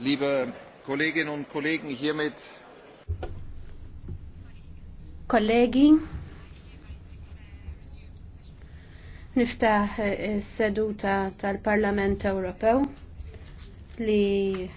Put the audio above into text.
Liebe Kolleginnen und Kollegen, hiermit Kollegi, niftaħ is-seduta eh, tal-Parlament Ewropew li